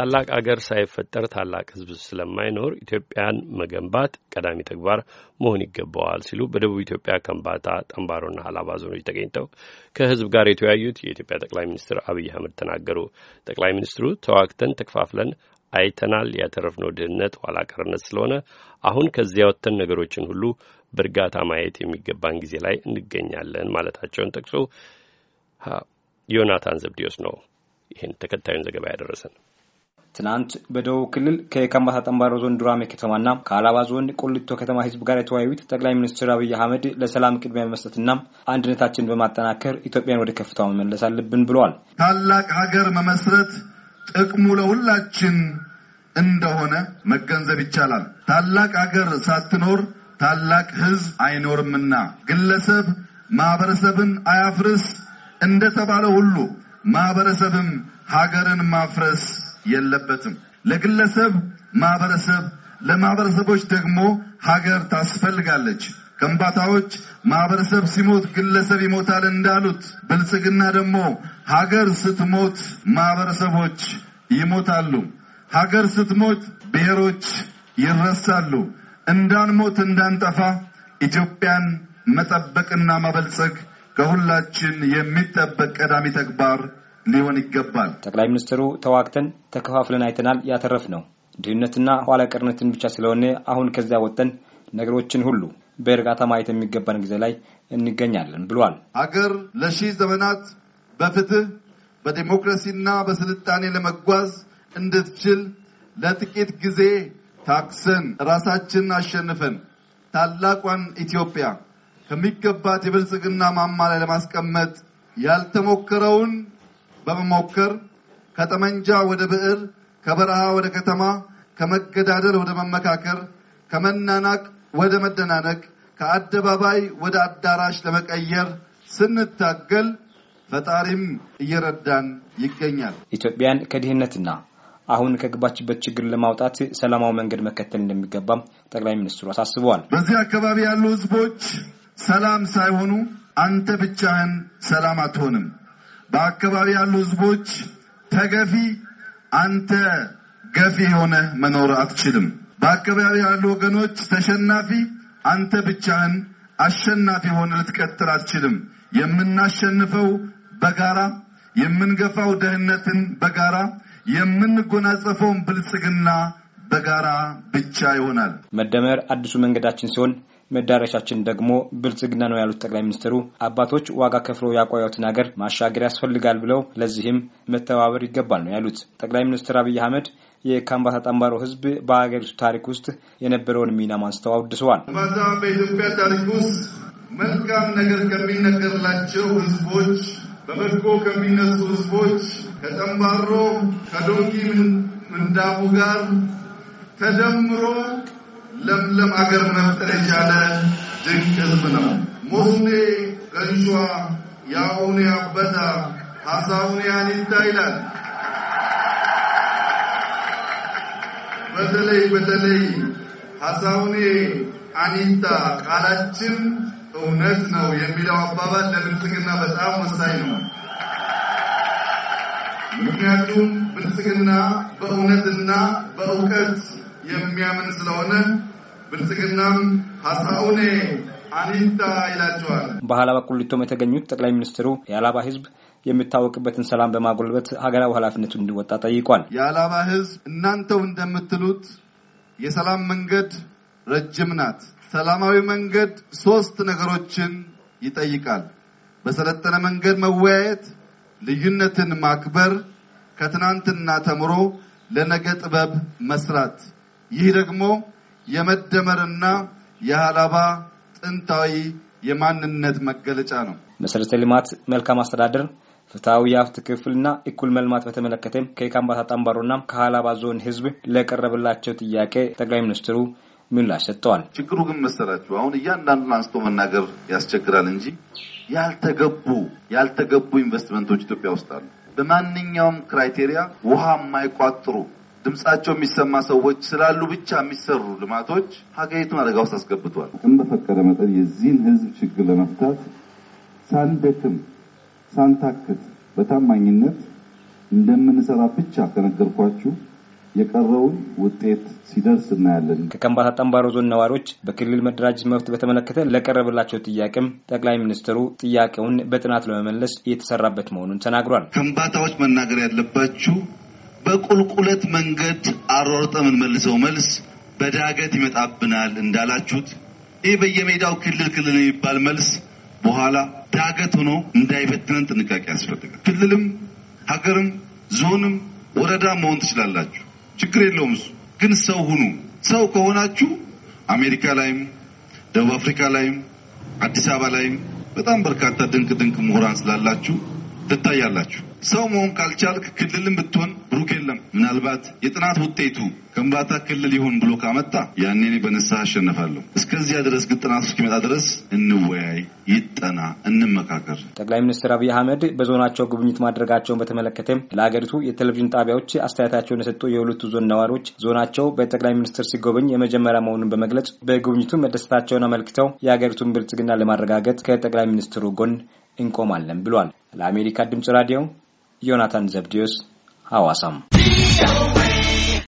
ታላቅ አገር ሳይፈጠር ታላቅ ሕዝብ ስለማይኖር ኢትዮጵያን መገንባት ቀዳሚ ተግባር መሆን ይገባዋል ሲሉ በደቡብ ኢትዮጵያ ከምባታ፣ ጠንባሮና ሀላባ ዞኖች ተገኝተው ከሕዝብ ጋር የተወያዩት የኢትዮጵያ ጠቅላይ ሚኒስትር አብይ አህመድ ተናገሩ። ጠቅላይ ሚኒስትሩ ተዋግተን ተከፋፍለን አይተናል። ያተረፍነው ድህነት፣ ኋላ ቀርነት ስለሆነ አሁን ከዚያ ወጥተን ነገሮችን ሁሉ በእርጋታ ማየት የሚገባን ጊዜ ላይ እንገኛለን ማለታቸውን ጠቅሶ ዮናታን ዘብዲዮስ ነው ይህን ተከታዩን ዘገባ ያደረሰን። ትናንት በደቡብ ክልል ከከምባታ ጠምባሮ ዞን ዱራሜ ከተማና ከአላባ ዞን ቆልቶ ከተማ ህዝብ ጋር የተወያዩት ጠቅላይ ሚኒስትር አብይ አህመድ ለሰላም ቅድሚያ በመስጠትና አንድነታችን በማጠናከር ኢትዮጵያን ወደ ከፍታው መመለስ አለብን ብለዋል። ታላቅ ሀገር መመስረት ጥቅሙ ለሁላችን እንደሆነ መገንዘብ ይቻላል። ታላቅ ሀገር ሳትኖር ታላቅ ህዝብ አይኖርምና ግለሰብ ማህበረሰብን አያፍርስ እንደተባለ ሁሉ ማህበረሰብም ሀገርን ማፍረስ የለበትም። ለግለሰብ ማህበረሰብ፣ ለማህበረሰቦች ደግሞ ሀገር ታስፈልጋለች። ከምባታዎች ማህበረሰብ ሲሞት ግለሰብ ይሞታል እንዳሉት ብልጽግና ደግሞ ሀገር ስትሞት ማህበረሰቦች ይሞታሉ። ሀገር ስትሞት ብሔሮች ይረሳሉ። እንዳንሞት እንዳንጠፋ ኢትዮጵያን መጠበቅና ማበልጸግ ከሁላችን የሚጠበቅ ቀዳሚ ተግባር ሊሆን ይገባል። ጠቅላይ ሚኒስትሩ ተዋግተን ተከፋፍለን አይተናል። ያተረፍ ነው ድህነትና ኋላ ቀርነትን ብቻ ስለሆነ አሁን ከዚያ ወጥተን ነገሮችን ሁሉ በእርጋታ ማየት የሚገባን ጊዜ ላይ እንገኛለን ብሏል። አገር ለሺህ ዘመናት በፍትህ በዲሞክራሲና በስልጣኔ ለመጓዝ እንድትችል ለጥቂት ጊዜ ታክሰን ራሳችንን አሸንፈን ታላቋን ኢትዮጵያ ከሚገባት የብልጽግና ማማ ላይ ለማስቀመጥ ያልተሞከረውን በመሞከር ከጠመንጃ ወደ ብዕር፣ ከበረሃ ወደ ከተማ፣ ከመገዳደል ወደ መመካከር፣ ከመናናቅ ወደ መደናነቅ፣ ከአደባባይ ወደ አዳራሽ ለመቀየር ስንታገል ፈጣሪም እየረዳን ይገኛል። ኢትዮጵያን ከድህነትና አሁን ከግባችበት ችግር ለማውጣት ሰላማዊ መንገድ መከተል እንደሚገባም ጠቅላይ ሚኒስትሩ አሳስበዋል። በዚህ አካባቢ ያሉ ህዝቦች ሰላም ሳይሆኑ አንተ ብቻህን ሰላም አትሆንም በአካባቢ ያሉ ህዝቦች ተገፊ አንተ ገፊ የሆነ መኖር አትችልም። በአካባቢ ያሉ ወገኖች ተሸናፊ አንተ ብቻህን አሸናፊ ሆነ ልትቀጥል አትችልም። የምናሸንፈው በጋራ የምንገፋው ደህንነትን በጋራ የምንጎናጸፈውን ብልጽግና በጋራ ብቻ ይሆናል። መደመር አዲሱ መንገዳችን ሲሆን መዳረሻችን ደግሞ ብልጽግና ነው ያሉት ጠቅላይ ሚኒስትሩ አባቶች ዋጋ ከፍለው ያቆዩትን ሀገር ማሻገር ያስፈልጋል ብለው ለዚህም መተባበር ይገባል ነው ያሉት ጠቅላይ ሚኒስትር አብይ አህመድ የካምባታ ጠንባሮ ህዝብ በሀገሪቱ ታሪክ ውስጥ የነበረውን ሚና ማንስተው አውድሰዋል። ካምባታ በኢትዮጵያ ታሪክ ውስጥ መልካም ነገር ከሚነገርላቸው ህዝቦች በበጎ ከሚነሱ ህዝቦች ከጠንባሮ ከዶንኪ ምንዳቡ ጋር ተደምሮ ለምለም አገር መፍጠር የቻለ ድንቅ ህዝብ ነው። ሞፍኔ ገንሿ ያውኔ አበታ ሀሳውኔ አኒታ ይላል። በተለይ በተለይ ሀሳውኔ አኒታ ቃላችን እውነት ነው የሚለው አባባል ለብልጽግና በጣም ወሳኝ ነው። ምክንያቱም ብልጽግና በእውነትና በእውቀት የሚያምን ስለሆነ ብልጽግናም ሀሳኡኔ አኒታ ይላቸዋል። የተገኙት ጠቅላይ ሚኒስትሩ የአላባ ህዝብ የሚታወቅበትን ሰላም በማጎልበት ሀገራዊ ኃላፊነቱን እንዲወጣ ጠይቋል። የአላባ ህዝብ እናንተው እንደምትሉት የሰላም መንገድ ረጅም ናት። ሰላማዊ መንገድ ሶስት ነገሮችን ይጠይቃል። በሰለጠነ መንገድ መወያየት፣ ልዩነትን ማክበር፣ ከትናንትና ተምሮ ለነገ ጥበብ መስራት። ይህ ደግሞ የመደመርና የሀላባ ጥንታዊ የማንነት መገለጫ ነው። መሰረተ ልማት፣ መልካም አስተዳደር ፍትሐዊ የሀብት ክፍልና እኩል መልማት በተመለከተ ከካምባታ ጠምባሮና ከሀላባ ዞን ህዝብ ለቀረበላቸው ጥያቄ ጠቅላይ ሚኒስትሩ ምላሽ ሰጥተዋል። ችግሩ ግን መሰላችሁ አሁን እያንዳንዱን አንስቶ መናገር ያስቸግራል እንጂ ያልተገቡ ያልተገቡ ኢንቨስትመንቶች ኢትዮጵያ ውስጥ አሉ። በማንኛውም ክራይቴሪያ ውሃ የማይቋጥሩ ድምጻቸው የሚሰማ ሰዎች ስላሉ ብቻ የሚሰሩ ልማቶች ሀገሪቱን አደጋ ውስጥ አስገብቷል። አቅም በፈቀደ መጠን የዚህን ህዝብ ችግር ለመፍታት ሳንደክም ሳንታክት በታማኝነት እንደምንሰራ ብቻ ከነገርኳችሁ የቀረውን ውጤት ሲደርስ እናያለን። ከከምባታ ጠምባሮ ዞን ነዋሪዎች በክልል መደራጀት መብት በተመለከተ ለቀረበላቸው ጥያቄም ጠቅላይ ሚኒስትሩ ጥያቄውን በጥናት ለመመለስ እየተሰራበት መሆኑን ተናግሯል። ከምባታዎች መናገር ያለባችሁ በቁልቁለት መንገድ አሯርጠ የምንመልሰው መልስ በዳገት ይመጣብናል እንዳላችሁት ይህ በየሜዳው ክልል ክልል የሚባል መልስ በኋላ ዳገት ሆኖ እንዳይበትነን ጥንቃቄ ያስፈልጋል። ክልልም ሀገርም ዞንም ወረዳ መሆን ትችላላችሁ። ችግር የለውም እሱ። ግን ሰው ሁኑ። ሰው ከሆናችሁ አሜሪካ ላይም ደቡብ አፍሪካ ላይም አዲስ አበባ ላይም በጣም በርካታ ድንቅ ድንቅ ምሁራን ስላላችሁ ትታያላችሁ። ሰው መሆን ካልቻልክ ክልልም ብትሆን ብሩኬ አይደለም። ምናልባት የጥናት ውጤቱ ከምባታ ክልል ይሁን ብሎ ካመጣ ያኔ በንስሐ አሸነፋለሁ። እስከዚያ ድረስ ግን ጥናቱ እስኪመጣ ድረስ እንወያይ፣ ይጠና፣ እንመካከር። ጠቅላይ ሚኒስትር አብይ አህመድ በዞናቸው ጉብኝት ማድረጋቸውን በተመለከተ ለሀገሪቱ የቴሌቪዥን ጣቢያዎች አስተያየታቸውን የሰጡ የሁለቱ ዞን ነዋሪዎች ዞናቸው በጠቅላይ ሚኒስትር ሲጎበኝ የመጀመሪያ መሆኑን በመግለጽ በጉብኝቱ መደሰታቸውን አመልክተው የሀገሪቱን ብልጽግና ለማረጋገጥ ከጠቅላይ ሚኒስትሩ ጎን እንቆማለን ብሏል። ለአሜሪካ ድምጽ ራዲዮ ዮናታን ዘብዲዮስ ሐዋሳም